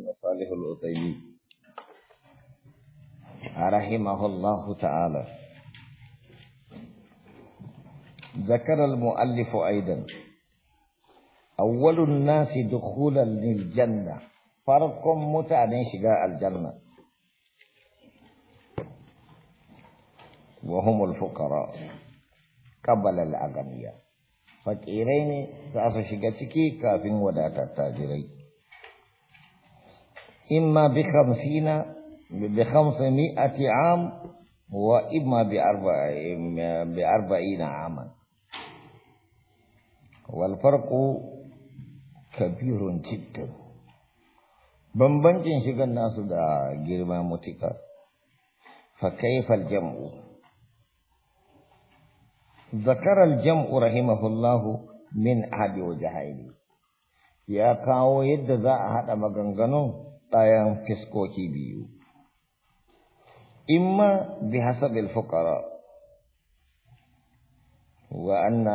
بن صالح العثيمين رحمه الله تعالى ذكر المؤلف أيضا أول الناس دخولا للجنة فرق متعني شقاء الجنة وهم الفقراء قبل الأغنياء فكيرين سأسو شقا شكي كافين إما بخمسين بخمسمائة عام وإما بأربع بأربعين عاما والفرق كبير جدا بمبنجن شغل الناس دا جرما متكا فكيف الجمع ذكر الجمع رحمه الله من أحد وجهين يا كاو يد ذا أحد مغنغنون ɗayan fiskoki biyu imma bi hasabil fuqara wa anna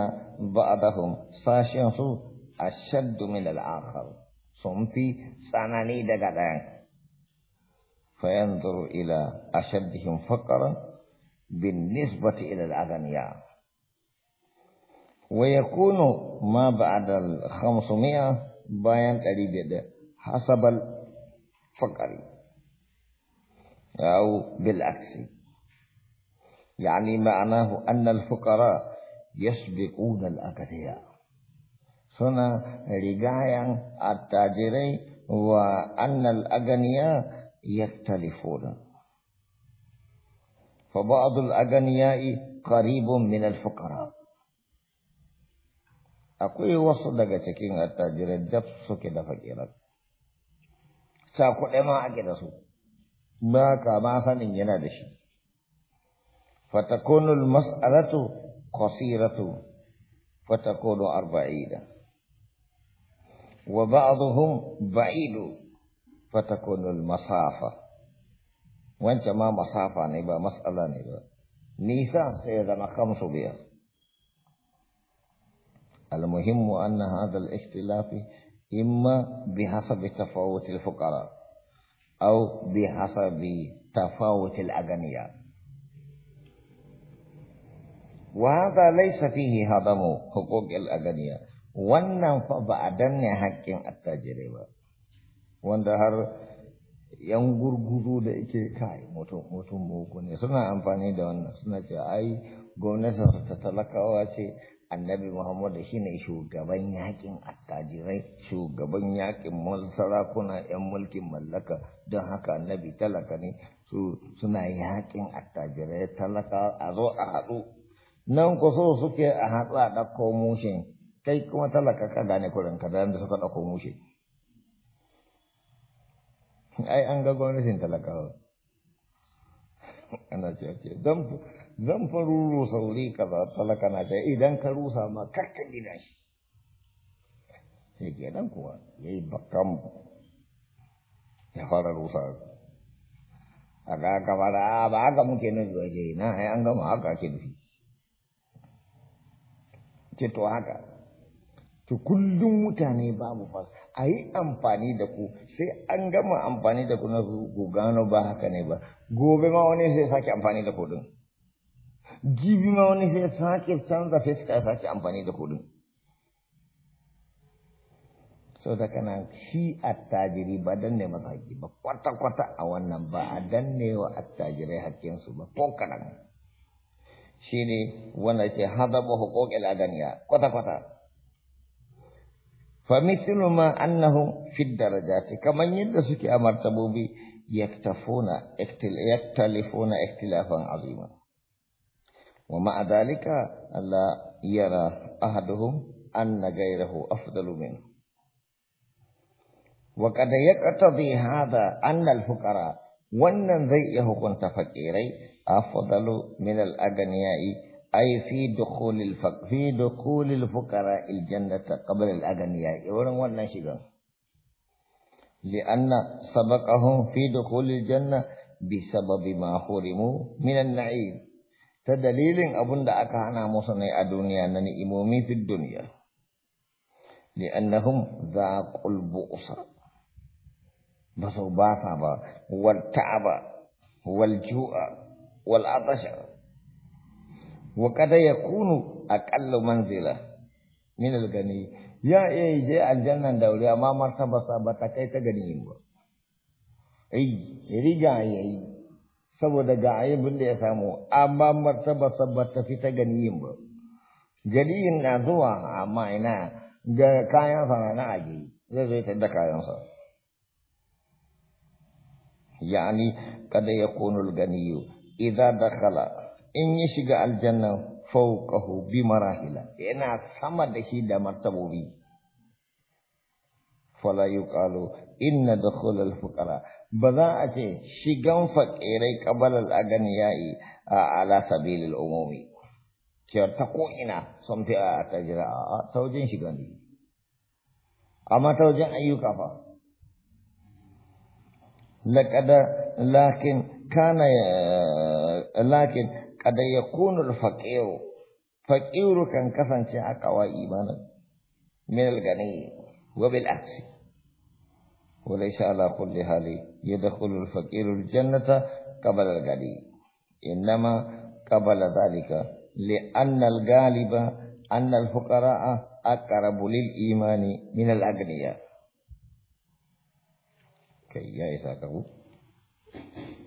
ba'dahum sashin su ashadd min al-akhar sun fi tsanani daga ɗayan fayanzuru ila ashaddihim faqran بالنسبة إلى الأغنياء ويكون ما بعد الخمسمائة بيان قريب حسب فقري أو بالعكس يعني معناه أن الفقراء يسبقون الأغنياء هنا رجايا التاجرين وأن الأغنياء يختلفون فبعض الأغنياء قريب من الفقراء أقول وصل لك تكين التاجرين جبسك دفق إليك cakuɗe ma ake da su ba ka ma sanin yana da shi fatakonu mas'alatu qasiratu fatakonu arba'ida wa ba'dhum ba'idu fatakonu masafa wancan ma masafa ne ba mas'ala ne ba nisa sai ya zama kamsu biyar المهم أن هذا الاختلاف إما بحسب تفاوت الفقراء أو بحسب تفاوت الأغنياء وهذا ليس فيه هضم حقوق الأغنياء wannan fa ba a danne haƙƙin attajirai ba wanda har yan gurgudu da ike kai ne suna amfani da wannan suna cewa ai gwamnatin ta talakawa ce annabi muhammadu shine shugaban yakin attajirai shugaban yakin sarakuna yan mulkin mallaka don haka annabi talaka ne su suna yakin attajirai talaka a zo a haɗu nan ku so suke a haɗu a ɗauko mushin kai kuma talaka ka gane kurin ka da suka ɗauko mushin ai an ga gwamnatin talakawa ana ce ce zan zan faru rusa wuri kaza talaka na ce idan ka rusa ma kakka gina shi sai ke nan kuwa ya yi bakan ya fara rusa a ga gaba da ba haka muke nan zuwa ke na ai an gama haka ke nufi ce to haka To kullum mutane babu ba, a yi amfani da ku, sai an gama amfani da ku na gano ba haka ne ba, gobe ma wani sai sake amfani da kudin. Jibi ma wani sai sake canza fiska sake amfani da kudin. So da kana shi attajiri ba danne masa haƙƙi ba, kwata-kwata a wannan ba a danne wa attajirai su ba, ko kaɗan. Shi ne wanda ce, haɗa hukukin adaniya, kwata-kwata. famithlu ma annahum fi darajati kaman yadda suke a martabobi yaktafuna iktil yaktalifuna ikhtilafan azima wa ma dalika alla yara ahaduhum anna ghayrahu afdalu min wa qad yaqtadi hadha anna al fuqara wannan zai yahu hukunta tafakirai afdalu min al aghniyai أي في دخول الفق في دخول الفقراء الجنة قبل الأغنياء ورن ورن شجر لأن سبقهم في دخول الجنة بسبب ما حرموا من النعيم تدليل أبن دعك أنا مصنع الدنيا امومي في الدنيا لأنهم ذاق البؤس بس باسا والتعب والجوع والعطش wa kada yakunu aqallu manzila min al-gani ya iya eh, je aljannan daure amma martaba sa ba ta kai ta gani ba ai riga yayi saboda ga aibin da ya samu amma martaba sa ba ta fita gani ba gani na zuwa amma ina ga kayan sa na aje zai zai da kayan sa yani kada yakunu al-ganiyyu idza dakhala in ya shiga aljanna fawqahu bi marahila yana sama da shi da martabobi fala yuqalu inna dukhul al fuqara ba za a ce shigan fakirai qabala al a ala sabilil umumi cewar ta ko'ina sun fi a jira a ta wajen shiga ne amma ta wajen ayyuka fa laƙada lakin kana lakin kada yakunu al-faqiru faqiru kan kasance haka wa imanan min al-gani wa bil aksi wa laysa ala kulli hali yadkhulu al-faqiru al-jannata qabla al-gani inma qabla dhalika لأن الغالب أن الفقراء أقرب للإيمان من الأغنياء كي يا إساقه